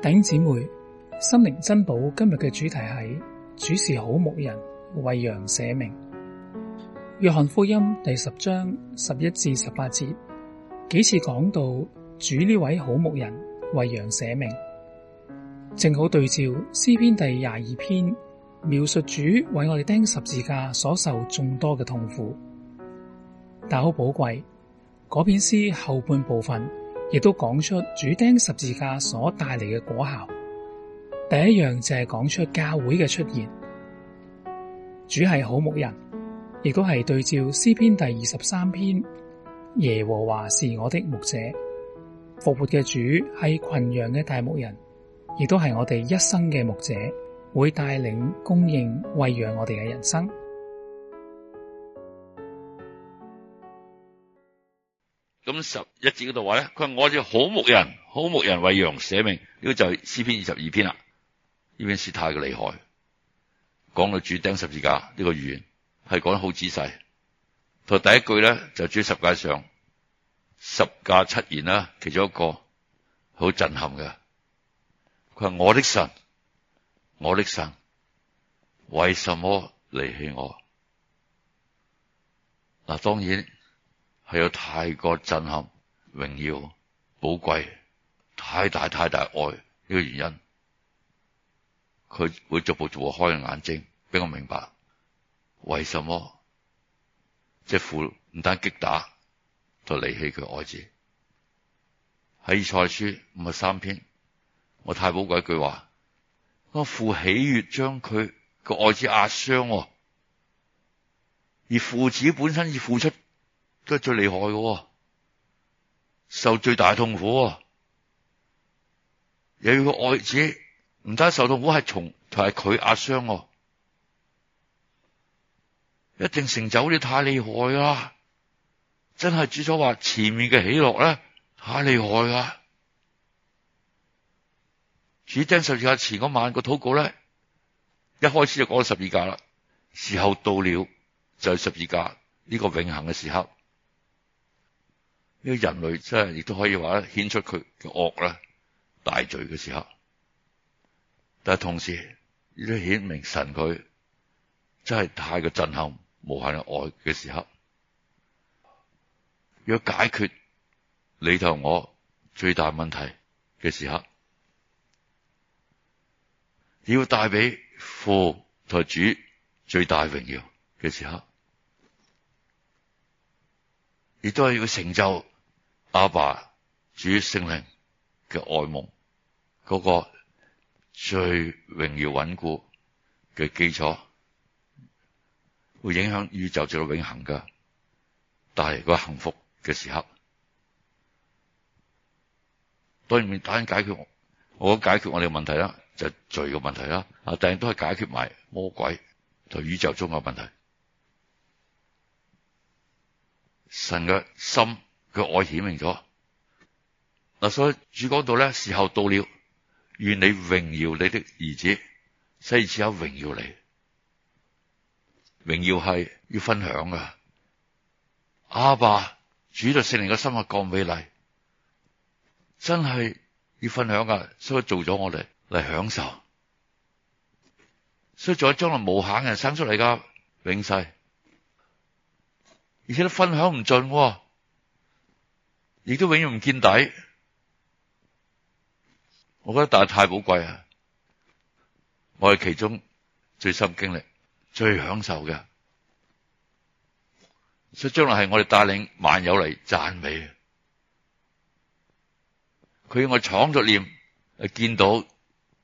頂姊妹，心靈珍寶，今日嘅主題係主是好牧人，為羊捨命」。約翰福音第十章十一至十八節幾次講到主呢位好牧人為羊捨命」，正好對照詩篇第廿二篇描述主為我哋釘十字架所受眾多嘅痛苦，但好寶貴。嗰篇詩後半部分。亦都講出主釘十字架所帶嚟嘅果效，第一樣就係講出教會嘅出現。主係好牧人，亦都係對照詩篇第二十三篇，耶和華是我的牧者，復活嘅主係群羊嘅大牧人，亦都係我哋一生嘅牧者，會帶領供應餵養我哋嘅人生。十一節嗰度話咧，佢話，我係好牧人，好牧人為羊捨命，呢個就係詩篇二十二篇啦。呢篇詩太嘅厲害了，講到主釘十字架呢，這個預言係講得好仔細。佢第一句咧就主十架上十架七言啦，其中一個好震撼嘅，佢話，我的神，我的神，為什麼離棄我？嗱，當然。係有太過震撼、榮耀、寶貴、太大太大愛呢個原因，佢會逐步逐步開個眼睛，俾我明白為什麼即父唔單擊打就離棄佢愛子。喺賽書五十三篇，我太寶貴一句話：我父喜悅將佢個愛子壓傷，而父子本身要付出。都係最厲害嘅，受最大痛苦，又要個愛子，唔單受痛苦，係從同係佢壓傷，一定成就啲太厲害啦！真係主所話前面嘅喜樂咧，太厲害啦！主聽十字架前嗰晚個禱告咧，一開始就講十字架啦，時候到了就係、是、十字架呢、這個永恆嘅時刻。呢個人類真係亦都可以話咧，顯出佢嘅惡啦、大罪嘅時候；但係同時亦都顯明神佢真係太過震撼、無限嘅愛嘅時候。要解決你同我最大問題嘅時候，要帶俾父同主最大榮耀嘅時候，亦都係要成就。阿爸主聖靈嘅愛夢，嗰、嗰個最榮耀穩固嘅基礎，會影響宇宙直到永恆噶。但係個幸福嘅時刻，當然打解，解決我解決我哋嘅問題啦，就係罪嘅問題啦。啊，但係都係解決埋魔鬼同宇宙中嘅問題。神嘅心。佢愛顯明咗嗱，所以主講到咧，時候到了，願你榮耀你的兒子，西賜有榮耀你。榮耀係要分享噶，阿爸主就聖靈嘅心啊，咁美麗，真係要分享噶，所以做咗我哋嚟享受，所以做咗將來無限人生出嚟噶永世，而且都分享唔盡。亦都永遠唔見底，我覺得但係太寶貴啊！我係其中最深經歷、最享受嘅，所以將來係我哋帶領萬有嚟讚美。佢要我闖咗念，誒見到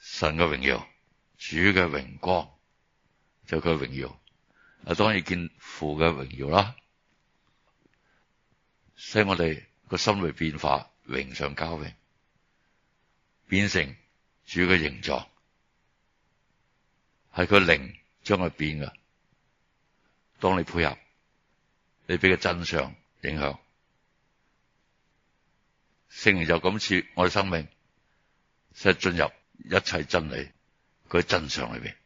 神嘅榮耀、主嘅榮光，就佢、是、榮耀，啊當然見父嘅榮耀啦，所以我哋。個心會變化，榮上交榮，變成主嘅形狀，係佢靈將佢變噶。當你配合，你俾個真相影響，聖靈就咁似我哋生命，就進入一切真理，佢真相裏邊，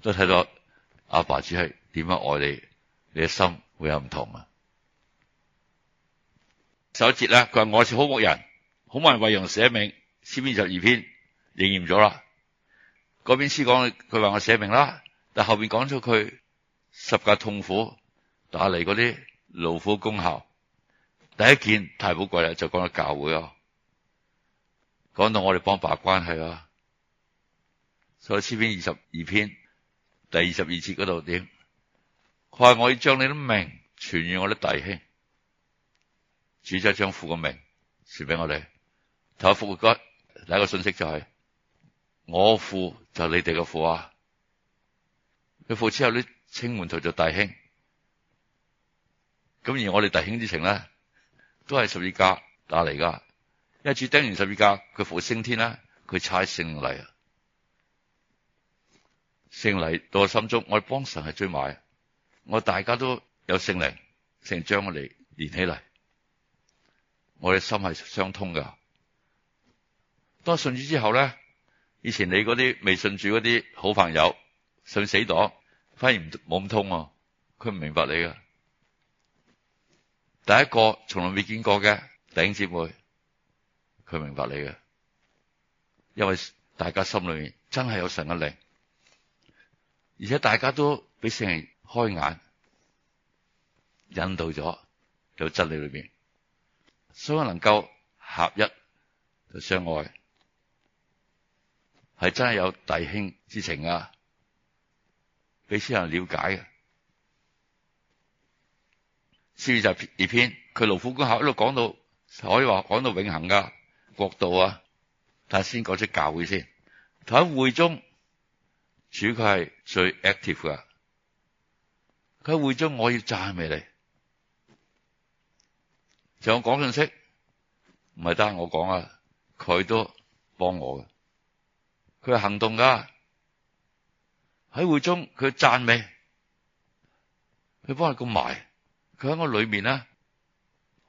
都睇到阿爸只係點樣愛你，你嘅心會有唔同啊！首節啦，佢話我是好牧人，好牧人為羊捨命。詩篇二十二篇應驗咗啦。嗰篇詩講佢，佢話我捨命啦，但後邊講咗佢十架痛苦打嚟嗰啲勞苦功效。第一件太寶貴啦，就講到教會啊，講到我哋幫爸關係啊。所以詩篇二十二篇第二十二節嗰度點，佢話我要將你啲名傳與我啲弟兄。主者將父個名傳俾我哋，頭復活後第一個信息就係、是、我父就你哋嘅父啊。佢父之後呢，稱門徒做弟兄，咁而我哋弟兄之情咧都係十字架打嚟噶，因為主釘完十字架，佢復活升天啦，佢差聖靈聖靈到我心中，我幫神係追埋，我大家都有聖靈聖靈將我哋連起嚟。我哋心係相通噶。當信主之後咧，以前你嗰啲未信主嗰啲好朋友信死黨，反而冇咁通喎、啊。佢唔明白你噶。第一個從來未見過嘅弟兄姊妹，佢明白你㗎，因為大家心裏面真係有神嘅靈，而且大家都俾聖人開眼，引導咗到真理裏邊。所以能夠合一就相愛，係真係有弟兄之情啊！俾先人了解嘅。詩廿二篇，佢勞苦功高，一路講到可以話講到永恒噶國度啊，但先講出教會先。喺會中主佢係最 active 噶，喺會中我要讚美你。就我講信息唔係得，不是我講啊，佢都幫我嘅。佢係行動噶，喺會中佢讚美，佢幫你共埋，佢喺我裏面咧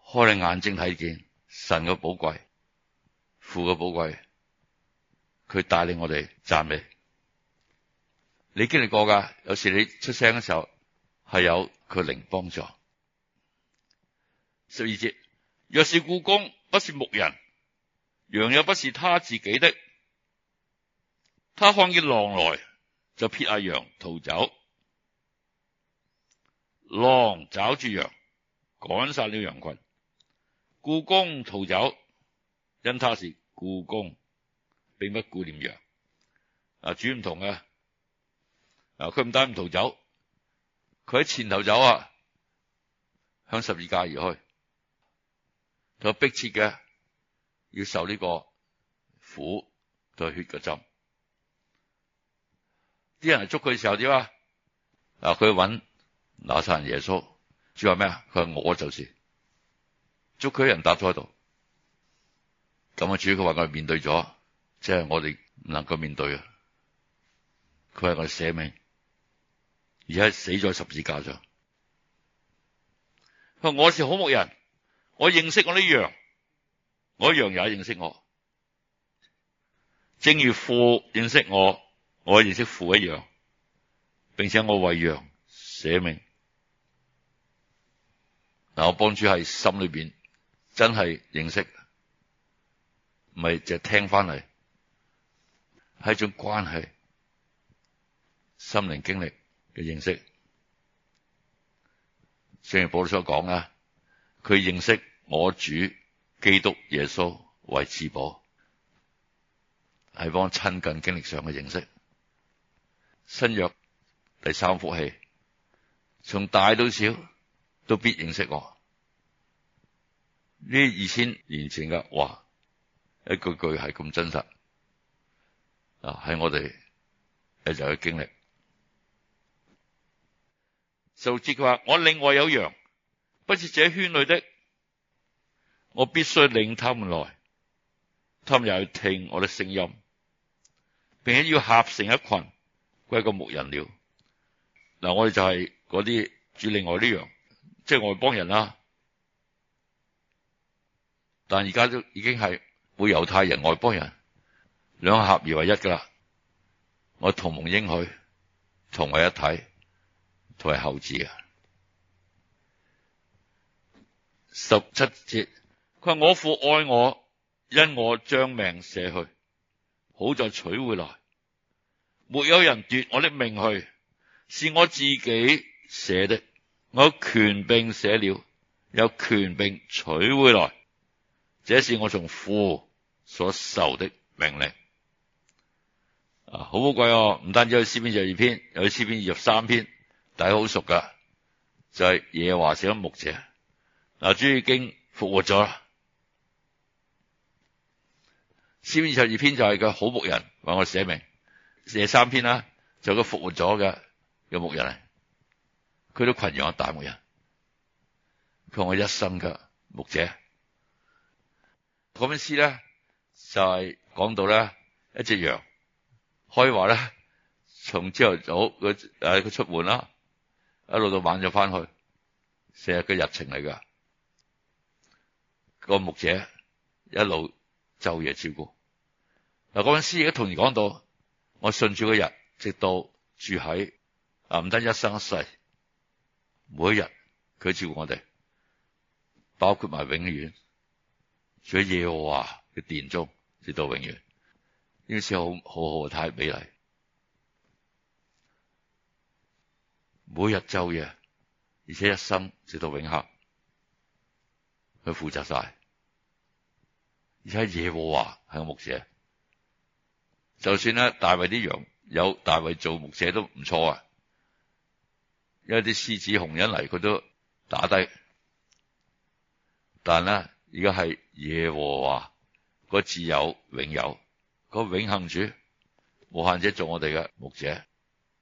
開你眼睛睇見神嘅寶貴、父嘅寶貴，佢帶領我哋讚美。你經歷過噶，有時你出聲嘅時候係有佢靈幫助。十二節。若是雇工，不是牧人，羊又不是他自己的，他看見狼來就撇下、啊、羊逃走。狼抓住羊，趕散了羊群，雇工逃走，因他是雇工，並不顧念羊。啊，主唔同啊，啊，佢唔單唔逃走，佢喺前頭走啊，向十字架而去。有迫切嘅，要受呢個苦對血嘅針。啲人捉佢嘅時候點啊？嗱，佢揾拿撒勒耶穌，主話咩啊？佢話我就是捉佢人搭咗喺度。咁啊，主佢話我面對咗，即係我哋唔能夠面對啊。佢係我哋捨命，而家死咗十字架上。佢話我是好牧人。我認識我啲羊，我啲羊也認識我。正如父認識我，我認識父一樣，並且我為羊捨命。嗱，我幫主喺心裏邊真係認識，咪就係聽翻嚟係一種關係心靈經歷嘅認識。正如保羅所講啦，佢認識。我主基督耶穌為至寶，係幫親近經歷上嘅認識。新約第三福氣從大到小都必認識我。呢二千年前嘅話，一句句係咁真實啊！喺我哋誒就嘅經歷。受字佢話：我另外有羊，不是這圈裏的。我必須領他們來，他們又要聽我的聲音，並且要合成一群，歸個牧人了。嗱，我哋就係嗰啲主另外呢樣，即係外邦人啦、啊。但而家都已經係會猶太人、外邦人兩個合而為一噶啦。我同蒙應許，同為一體，同為後嗣啊。十七節。佢話我父愛我，因我將命捨去，好再取回來。沒有人奪我的命去，是我自己捨的。我權柄捨了，有權柄取回來。這是我從父所受的命令。啊，好寶貴哦！唔單止有詩篇二十二篇，有詩篇二十三篇，大家好熟噶，就係耶和華寫牧者嗱，主已經復活咗啦。詩二十二篇就係個好牧人，為羊捨命。廿三篇啦，就個復活咗嘅嘅牧人嚟。佢都群羊大牧人，佢係我一,一生嘅牧者。嗰篇詩咧就係、是、講到咧一隻羊，可以話咧從朝頭早佢誒佢出門啦，一路到晚咗返去，成日嘅日程嚟噶。個牧者一路。晝夜照顧嗱，嗰陣詩亦都同時講到，我順住個日，直到住喺啊唔得一生一世，每一日佢照顧我哋，包括埋永遠，住在耶和華嘅殿中，直到永遠呢個時候好好太美麗，每一日晝夜而且一生直到永恆，佢負責晒。而家耶和華係個牧者，就算咧大衛啲羊有大衛做牧者都唔錯啊，因為啲獅子紅恩、熊嚟，佢都打低。但係咧，而家係耶和華個自有、永有、個永恆主，無限者做我哋嘅牧者。